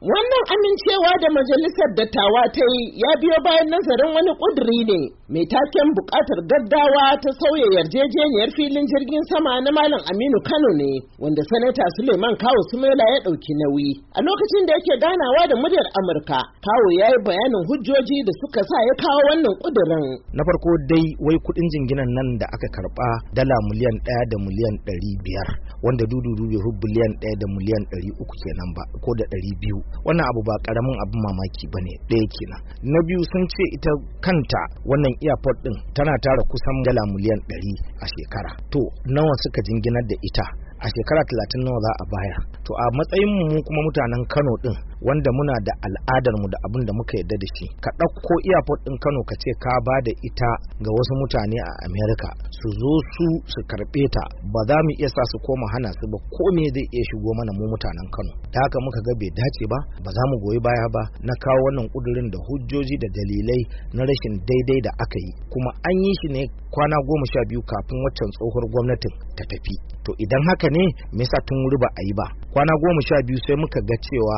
Wannan amincewa da majalisar dattawa ta yi ya biyo bayan nazarin wani ƙudiri ne mai taken buƙatar gaggawa ta sauya yarjejeniyar filin jirgin sama na Malam Aminu Kano ne wanda Sanata Suleiman Kawo Sumela ya ɗauki nauyi. A lokacin da yake ganawa da muryar Amurka, Kawo ya yi bayanin hujjoji da suka sa ya kawo wannan ƙudirin Na farko dai wai kuɗin jinginan nan da aka karɓa dala miliyan ɗaya da miliyan ɗari biyar wanda dudu dubu biliyan ɗaya da miliyan ɗari uku kenan ba ko da ɗari biyu. wannan abu ba karamin abin mamaki ba ne ɗaya kenan na biyu sun ce ita kanta wannan airport ɗin tana tara kusan dala miliyan ɗari a shekara to nawa suka jinginar da ita a shekara talatin nawa za a baya? to a matsayin mu kuma mutanen Kano din wanda muna da al'adar mu da abin da muka yarda da shi ka ɗauko airport din Kano ka ce ka ba da ita ga wasu mutane a America su zo su su karɓe ta ba za mu iya sa su koma hana su ba ko me zai iya shigo mana mu mutanen Kano da haka muka ga bai dace ba ba za mu goyi baya ba na kawo wannan kudurin da hujjoji da dalilai na rashin daidai da aka yi kuma an yi shi ne kwana goma sha biyu kafin waccan tsohuwar gwamnatin ta tafi to idan haka ne me yasa tun wuri ba a yi ba kwana goma sha biyu sai muka ga cewa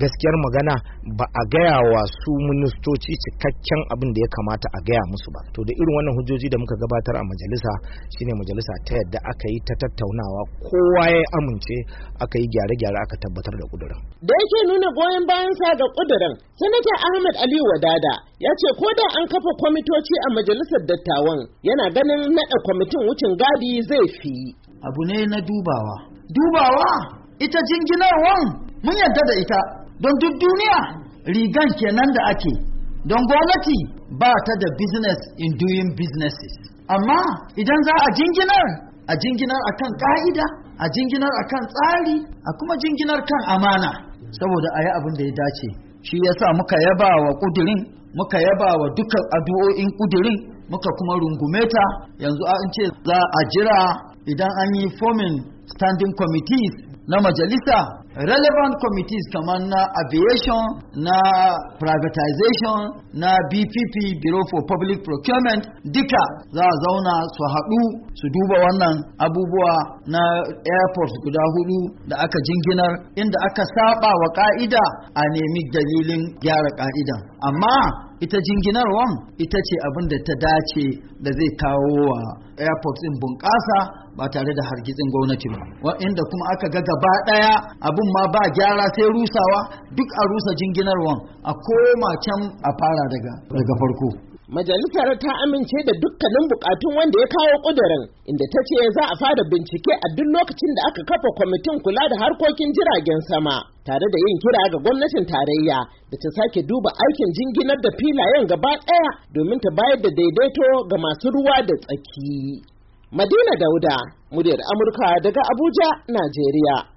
gaskiyar magana ba a gaya wa su ministoci cikakken abin da ya kamata a gaya musu ba to da irin wannan hujjoji da muka gabatar a majalisa shine majalisa ta yadda aka yi ta tattaunawa kowa ya amince aka yi gyare-gyare aka tabbatar da kudurin da yake nuna goyon bayan sa ga kudurin sanata Ahmad aliyu wadada ya ce ko da an kafa kwamitoci a majalisar dattawan yana ganin naɗa kwamitin wucin gadi zai fi abu ne na dubawa dubawa ita jinginarwan mun yarda da ita don duk duniya rigan kenan da ake don gwamnati ba ta da business in doing businesses amma idan za a jinginar a jinginar akan ka'ida a jinginar akan tsari a kuma jinginar kan amana saboda a yi abin da ya dace shi yasa muka yaba wa kudirin muka yaba wa dukkan addu'o'in kudirin muka kuma rungume ta yanzu an ce za a jira idan an yi forming standing committees na majalisa relevant committees kamar na aviation na privatization na bpp bureau for public procurement duka za a zauna su haɗu su duba wannan abubuwa na airport guda hudu da aka jinginar inda aka saba wa ka'ida a nemi dalilin gyara ka'idan amma ita jinginarwan ita ce abin da ta dace da zai kawo wa airport din bunƙasa ba tare da hargitsin gwamnati ba wa'inda kuma aka ga gaba ɗaya abin ma ba gyara sai rusawa duk a rusa jinginarwan a koma can a fara daga farko Majalisar ta amince da dukkanin bukatun wanda ya kawo kudurin inda ta ce za a fara bincike a duk lokacin da aka kafa kwamitin kula da harkokin jiragen sama, tare da yin kira ga gwamnatin tarayya da ta sake duba aikin jinginar da filayen gaba ɗaya domin ta bayar da daidaito ga masu ruwa da tsaki. Madina Dauda, muryar Amurka daga Abuja, Najeriya.